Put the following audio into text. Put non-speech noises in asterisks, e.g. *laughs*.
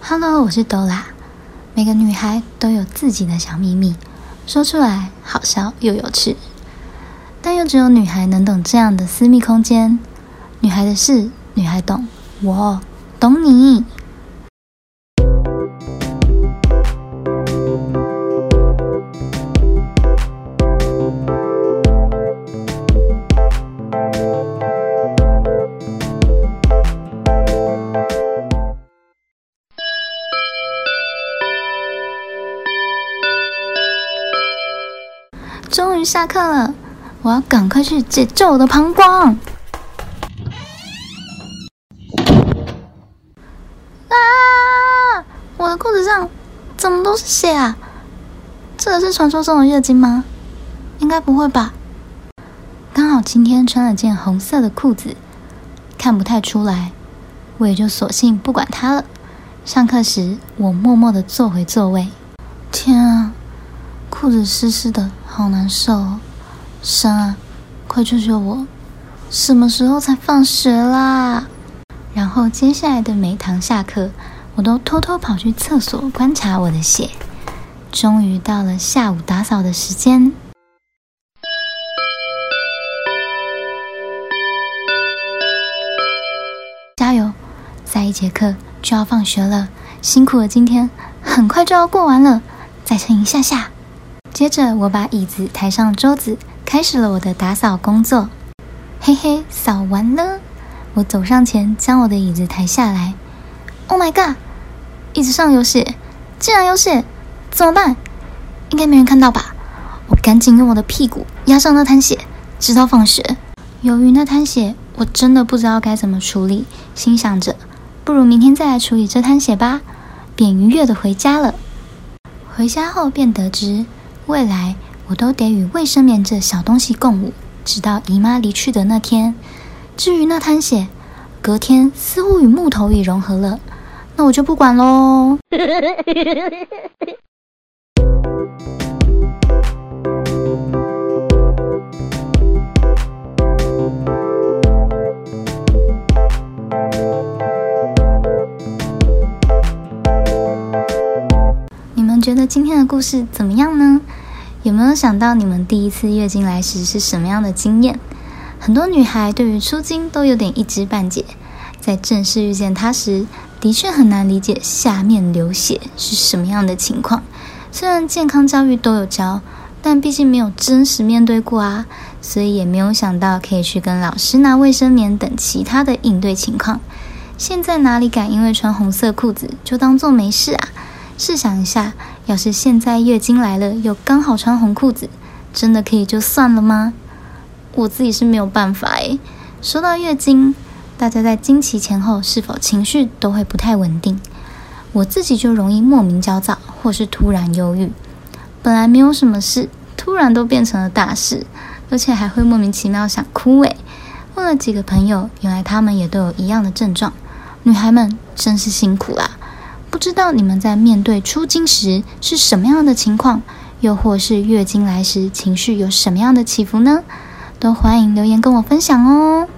哈嘍，Hello, 我是朵拉。每個女孩都有自己的小秘密，說出來好笑又有趣，但又只有女孩能懂這樣的私密空間。女孩的事，女孩懂，我懂你。終於下課了，我要趕快去解救我的膀胱！啊！我的褲子上怎麼都是血啊？這個是傳說中的月經嗎？應該不會吧？剛好今天穿了件紅色的褲子，看不太出來，我也就索性不管它了。上課時，我默默的坐回座位。天啊，褲子濕濕的。好難受，神啊，快救救我！什麼時候才放學啦？然後接下來的每一堂下課，我都偷偷跑去廁所觀察我的血。終於到了下午打掃的時間，加油！再一節課就要放學了，辛苦了今天，很快就要過完了，再撐一下下。接着，我把椅子抬上桌子，開始了我的打掃工作。嘿嘿，掃完了，我走上前將我的椅子抬下來。Oh my god，椅子上有血！竟然有血！怎麼辦？應該沒人看到吧？我趕緊用我的屁股壓上那攤血，直到放學。由於那攤血，我真的不知道該怎麼處理，心想着不如明天再來處理這攤血吧，便愉悅的回家了。回家後便得知。未來我都得與衛生棉這小東西共舞，直到姨媽離去的那天。至於那灘血，隔天似乎與木頭也融合了，那我就不管嘍。 *laughs* 覺得今天的故事怎麼樣呢？有沒有想到你們第一次月經來時是什麼樣的經驗？很多女孩對於初經都有點一知半解，在正式遇見她時，的確很難理解下面流血是什麼樣的情況。雖然健康教育都有教，但畢竟沒有真實面對過啊，所以也沒有想到可以去跟老師拿衛生棉等其他的應對情況。現在哪裡敢因為穿紅色褲子就當做沒事啊？試想一下，要是現在月經來了，又剛好穿紅褲子，真的可以就算了嗎？我自己是沒有辦法誒。說到月經，大家在經期前後是否情緒都會不太穩定？我自己就容易莫名焦躁，或是突然憂鬱。本來沒有什麼事，突然都變成了大事，而且還會莫名其妙想哭誒。問了幾個朋友，原來他們也都有一樣的症狀。女孩們真是辛苦啦、啊。不知道你們在面對初經時是什麼樣的情況，又或是月經來時情緒有什麼樣的起伏呢？都歡迎留言跟我分享哦。